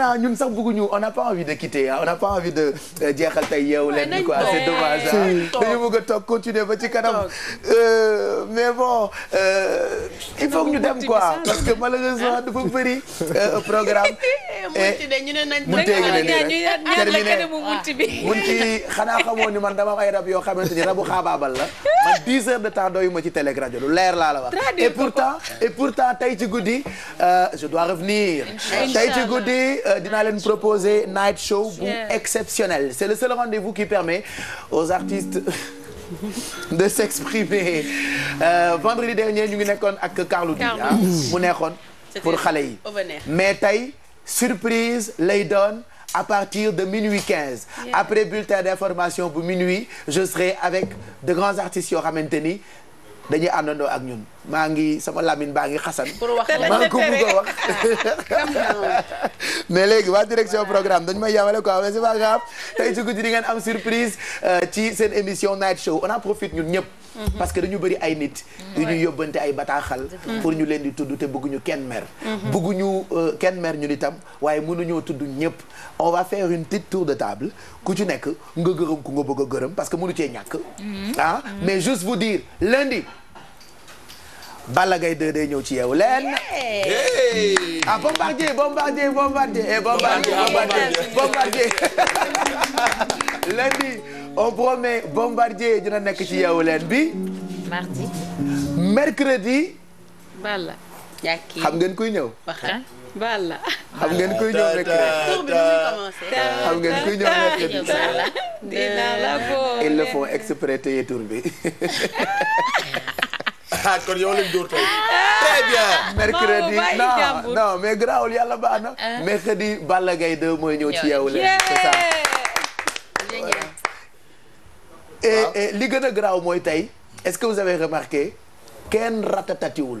non ñun sax bëgguñu on n'a pas envie de quitter on n'a pas envie de jeexal tey yeewu leen quoi c'est dommage dañu bëgg a toog continuer ba ci kanam euh, mais bon euh, il faut que ñu dem quoi parce que malheureusement dafa bëri euh, programme Eh, mun ci ah. xanaa xamoo ni man dama am ay rab yoo xamante ni rabu xaabaabal la man 10 heures de temps doyuma ci télé rajo lu leer laa la wax et pourtant et pourtant tey ci guddi euh, je dois revenir tey ci guddi euh, dinaa leen proposer night show bu exceptionnel c'est le seul rendez-vous qui permet aux artistes de s'exprimer euh, vendredi dernier ñu ngi nekkoon ak Carlou D ah, mu nekkoon pour xale yi mais tey surprise lay doon à partir de minuit 15 yeah. après bulletin d'information bu minuit je serai avec de grands artistes yoo xamante ni dañuy àndandoo ak ñun maa ngi sama lamine baa ngi xasan. pour wax maa ngi ko bugg a wax. mais léegi waa direction programme dañ may yamale quoi mais c'est pas grave di ngeen am surprise euh, ci seen émission night show on en profite ñun ñëpp. Mm-hmm. parce que dañu bëri ay nit. yu mm-hmm. ñuy yóbbante ay bataaxal. pour ñu leen di tudd te bëgguñu kenn mer. Mm-hmm. bëgguñu euh, kenn mer ñun itam waaye mënuñoo tudd ñëpp on va faire une petite tour de table ku ci nekk nga gërëm ku nga bëgg a gërëm parce que mënu ce ñàkk. ah mais juste vous dire lundi. Balla Gaye 2 day ñëw ci yeewu leen. a ah, bombardier bombardier bombardier eh, bombardier bombardier lundi on promet bombardier dina nekk ci yeewu leen bi. mardi. mercredi. Balla. xam ngeen kuy ñëw. Balla. xam ngeen kuy ñëw rek xam il le font exprès téye tur bi. kon yow lañ dóor tey très bien ah, mercredi non non mais grawul yàlla baax na ah. mercredi Balla Gaye 2 mooy ñëw ci yeewu leen c'est ça et li gën a graw mooy tey est-ce que vous avez remarqué kenn ratatatiwul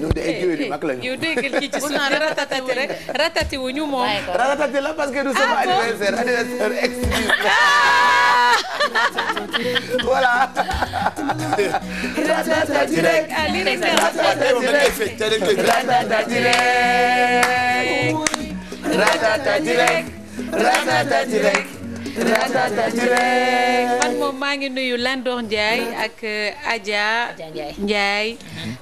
ñun de ay géwél yu mag lañu. yow déggal kii ci suuf ratatati rek ratati wu ñu moom. ratatati la parce que du sama ah, anniversaire anniversaire exclusif. Ah! voilà. ratatati rek. ratatati rek. ratatati rek. ratatati rek. man moom maa ngi nuyu Landor Ndiaye ak uh, Adja Ndiaye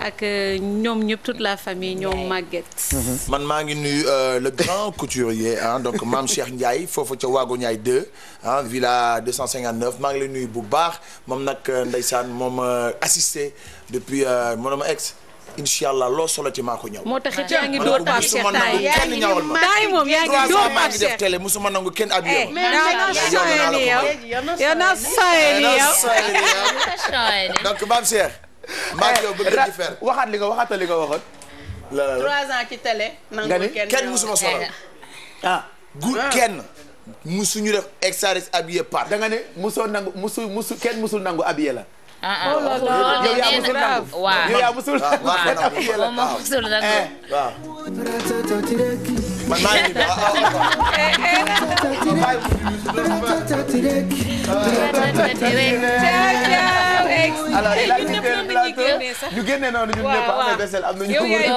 ak uh, ñoom ñëpp toute la famille ñoom Maguette. Mhm. man maa ngi nuyu uh, le grand couturier ah donc Mame Cheikh Ndiaye foofu ca Waago Ndiaye 2 ah villa 259 maa ngi lay nuyu bu baax moom nag ndeysaan moom assisté depuis mon ex. incha allah loo solo ci maa ko ñëw. moo taxit yaa ngi door Pape Cheikh taay yaa ngi taay moom yaa ngi door Pape Cheikh. 3 ans ngi def télé musuma nangu eh, donc Pape Cheikh. maa ngi yow bëgg ci eh, fer waxaat li nga waxaat li nga waxoon. la 3 ans ci télé. nangu kenn kenn musuma solo ah. gu ah. kenn. musuñu def exaris abiyé par. da nga ne nangu musu kenn musul nangu abiyé la. ah ah loolu yaa musul waaw yow yaa musul nangu waaw moom musul nangu waaw ñu génne noonu ñun ñëpp amee desel am nañu. yow yaay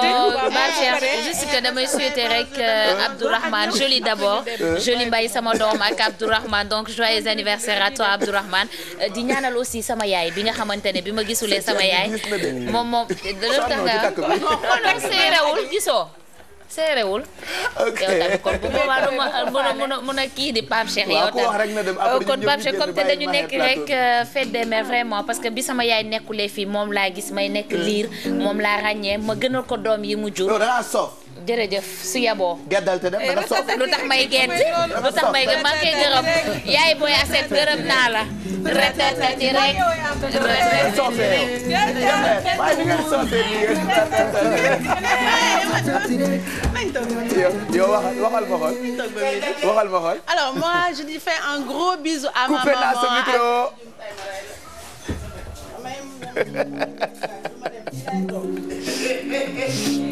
dégg juste que damay souhaiter rek euh, Abdourahmane joli d'abord joli mbay sama doom ak Abdourahmane donc joyeux anniversaire à toi Abdourahmane euh, di ñaanal aussi sama yaay bi nga xamante ne bi ma gisulee sama yaay moom moom loolu tax nga non non séeréwul gisoo séeréwul. ok yow tamit kon bu boobaa du mun a mun a kii di Pape Cheikh. yow kon Pape Cheikh te dañu nekk rek fête vraiment parce que bi sama yaay nekkule fi moom laa gis may nekk liir moom laa ràññee ma gënal ko doom yi mu jur. jërëjëf su yaboo. lu tax may gedd lu tax may gedd maa ngi koy yaay booy aset gërëm naa la. retetati rek rek. yow waxal ma waxal ma xool. alors je lui fais un gros bisou à maman. Coupez-la ce micro.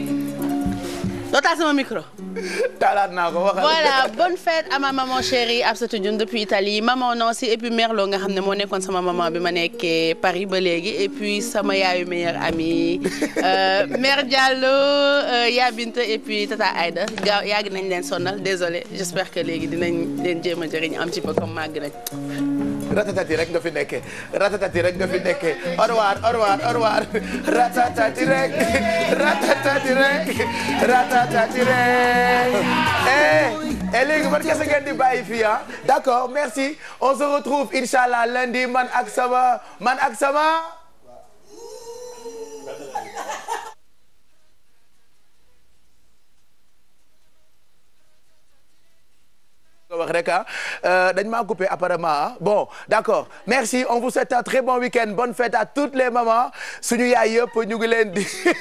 doo taal sama micro. taalaat naa ko waxal. voilà fête à ma maman chérie Absatou Dioune depuis Italie maman Nancy et puis nga xam ne moo nekkoon sama maman bi ma nekkee Paris ba léegi et sama yaayu meilleure amie euh, mère Diallo euh, yaa Binta et tata Aïda gaaw yàgg nañ leen sonnal désolé j'espère que léegi dinañ leen jéem a jëriñ un petit peu comme màgg nañ. ratatati rek nga fi nekkee ratatati rek nga fi nekkee au revoir au ratatati rek tatati rey et eh, eh, léegi man kese di bàyyi fii ah d'accord merci on se retrouve inchallah lundi man ak sama man ak sama wax rek ah. euh, dañ maa coupé apparemment ah. bon d'accord merci on vous souhaite un très bon week-end bonne fête à toutes les mamans suñu yaay yëpp ñu ngi leen di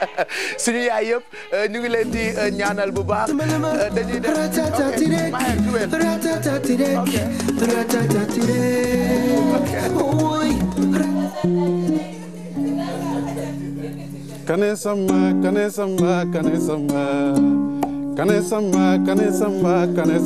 suñu yaay yëpp euh, ñu ngi leen di euh, ñaanal bu baax euh, dañuy def kane samba kane samba kane samba kane samba kane